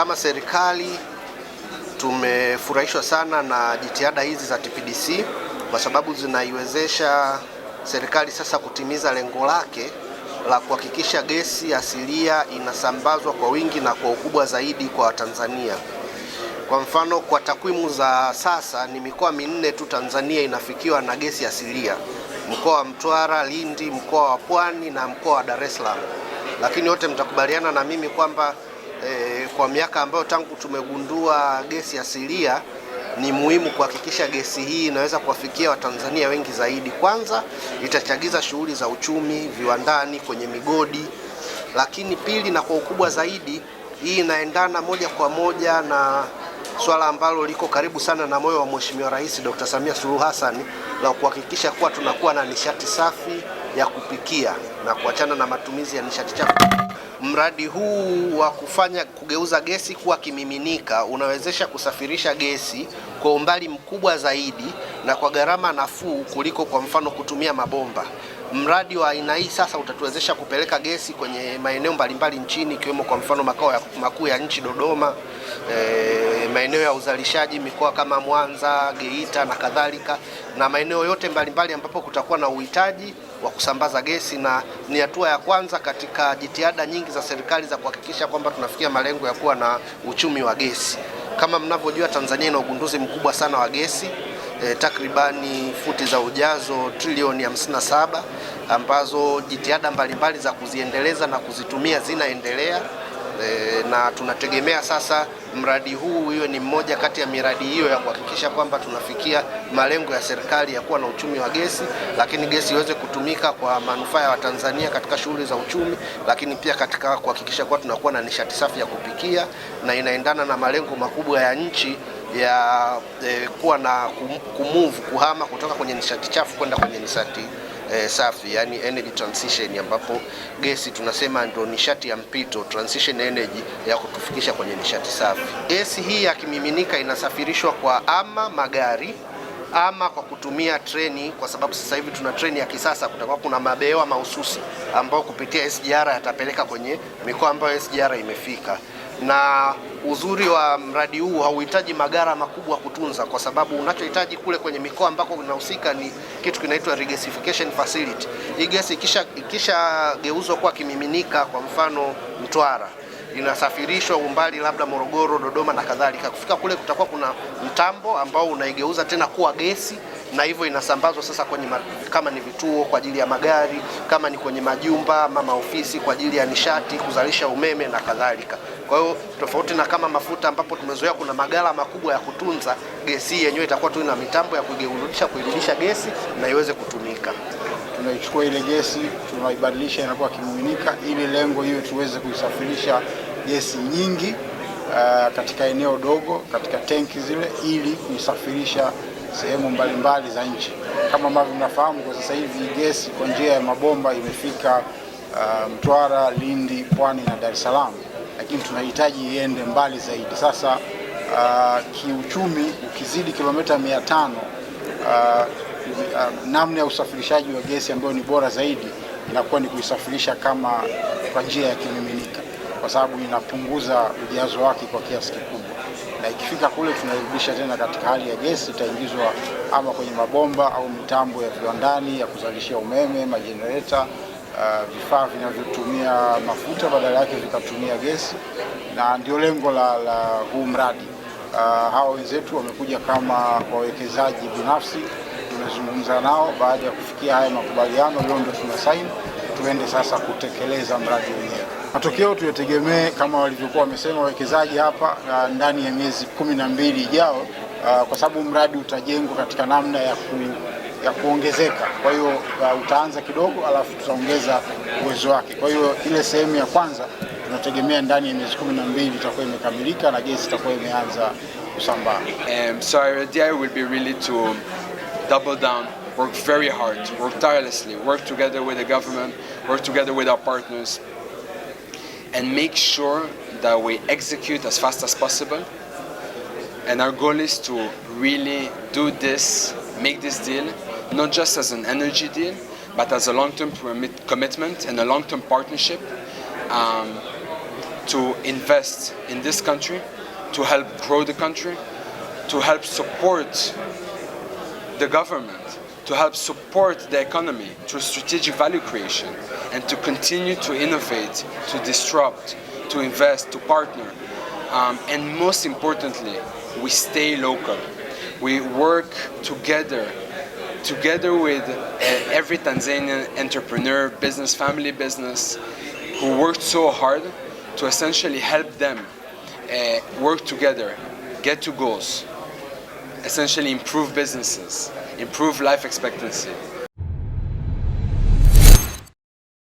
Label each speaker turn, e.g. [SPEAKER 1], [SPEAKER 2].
[SPEAKER 1] Kama serikali tumefurahishwa sana na jitihada hizi za TPDC kwa sababu zinaiwezesha serikali sasa kutimiza lengo lake la kuhakikisha gesi asilia inasambazwa kwa wingi na kwa ukubwa zaidi kwa Watanzania. Kwa mfano, kwa takwimu za sasa ni mikoa minne tu Tanzania inafikiwa na gesi asilia: mkoa wa Mtwara, Lindi, mkoa wa Pwani na mkoa wa Dar es Salaam. Lakini wote mtakubaliana na mimi kwamba e, kwa miaka ambayo tangu tumegundua gesi asilia ni muhimu kuhakikisha gesi hii inaweza kuwafikia Watanzania wengi zaidi. Kwanza itachagiza shughuli za uchumi viwandani, kwenye migodi, lakini pili na kwa ukubwa zaidi, hii inaendana moja kwa moja na swala ambalo liko karibu sana na moyo wa Mheshimiwa Rais Dr. Samia Suluhu Hassan la kuhakikisha kuwa tunakuwa na nishati safi ya kupikia na kuachana na matumizi ya nishati chafu mradi huu wa kufanya kugeuza gesi kuwa kimiminika unawezesha kusafirisha gesi kwa umbali mkubwa zaidi na kwa gharama nafuu kuliko kwa mfano kutumia mabomba mradi wa aina hii sasa utatuwezesha kupeleka gesi kwenye maeneo mbalimbali nchini ikiwemo kwa mfano makao makuu ya nchi Dodoma, e, maeneo ya uzalishaji mikoa kama Mwanza, Geita na kadhalika, na maeneo yote mbalimbali ambapo kutakuwa na uhitaji wa kusambaza gesi, na ni hatua ya kwanza katika jitihada nyingi za serikali za kuhakikisha kwamba tunafikia malengo ya kuwa na uchumi wa gesi. Kama mnavyojua, Tanzania ina ugunduzi mkubwa sana wa gesi eh, takribani futi za ujazo trilioni 57 ambazo jitihada mbalimbali za kuziendeleza na kuzitumia zinaendelea e, na tunategemea sasa mradi huu iwe ni mmoja kati ya miradi hiyo ya kuhakikisha kwamba tunafikia malengo ya serikali ya kuwa na uchumi wa gesi, lakini gesi iweze kutumika kwa manufaa ya Watanzania katika shughuli za uchumi, lakini pia katika kuhakikisha kuwa tunakuwa na nishati safi ya kupikia na inaendana na malengo makubwa ya nchi ya e, kuwa na kumuvu kuhama kutoka kwenye nishati chafu kwenda kwenye nishati e, safi, yani energy transition, ambapo gesi tunasema ndio nishati ya mpito, transition energy ya kutufikisha kwenye nishati safi. Gesi hii ya kimiminika inasafirishwa kwa ama magari ama kwa kutumia treni, kwa sababu sasa hivi tuna treni ya kisasa. Kutakuwa kuna mabehewa mahususi ambao kupitia SGR yatapeleka kwenye mikoa ambayo SGR imefika na uzuri wa mradi huu hauhitaji magara makubwa kutunza, kwa sababu unachohitaji kule kwenye mikoa ambako unahusika ni kitu kinaitwa regasification facility. Hii gesi ikishageuzwa kuwa kimiminika, kwa mfano Mtwara, inasafirishwa umbali labda Morogoro, Dodoma na kadhalika. Kufika kule kutakuwa kuna mtambo ambao unaigeuza tena kuwa gesi na hivyo inasambazwa sasa kwenye ma, kama ni vituo kwa ajili ya magari, kama ni kwenye majumba ama maofisi kwa ajili ya nishati kuzalisha umeme na kadhalika. Kwa hiyo tofauti na kama mafuta ambapo tumezoea kuna magala makubwa ya kutunza gesi, yenyewe itakuwa tu ina mitambo ya kuigeulisha kuirudisha gesi na iweze kutumika.
[SPEAKER 2] Tunaichukua ile gesi tunaibadilisha, inakuwa kimiminika, ili lengo hiyo tuweze kuisafirisha gesi nyingi uh, katika eneo dogo katika tenki zile ili kuisafirisha sehemu mbalimbali za nchi. Kama ambavyo mnafahamu, kwa sasa hivi gesi kwa njia ya mabomba imefika uh, Mtwara, Lindi, Pwani na Dar es Salaam, lakini tunahitaji iende mbali zaidi. Sasa uh, kiuchumi ukizidi kilomita mia tano uh, uh, namna ya usafirishaji wa gesi ambayo ni bora zaidi inakuwa ni kuisafirisha kama kwa njia ya kimiminika, kwa sababu inapunguza ujazo wake kwa kiasi kikubwa na ikifika kule tunairudisha tena katika hali ya gesi, itaingizwa ama kwenye mabomba au mitambo ya viwandani ya kuzalishia umeme, majenereta, uh, vifaa vinavyotumia mafuta badala yake vikatumia gesi, na ndio lengo la, la huu mradi. Uh, hawa wenzetu wamekuja kama wawekezaji binafsi, tumezungumza nao. Baada ya kufikia haya makubaliano, leo ndio tuna tuende sasa kutekeleza mradi. Matokeo tuyategemee kama walivyokuwa wamesema wawekezaji hapa ndani ya miezi kumi na mbili ijao, ah, kwa sababu mradi utajengwa katika namna ya, ku, ya kuongezeka. Kwa hiyo uh, utaanza kidogo alafu tutaongeza uwezo wake. Kwa hiyo ile sehemu ya kwanza tunategemea ndani ya miezi kumi na mbili itakuwa imekamilika na gesi itakuwa imeanza kusambaa.
[SPEAKER 3] Um, so our idea will be really to double down work very hard, work tirelessly, work together with the government, work together with our partners and make sure that we execute as fast as possible. And our goal is to really do this, make this deal, not just as an energy deal, but as a long-term commitment and a long-term partnership um, to invest in this country, to help grow the country, to help support the government to help support the economy through strategic value creation and to continue to innovate, to disrupt, to invest, to partner. Um, and most importantly, we stay local. We work together, together with uh, every Tanzanian entrepreneur, business, family business, who worked so hard to essentially help them uh, work together, get to goals, essentially improve businesses, improve life expectancy.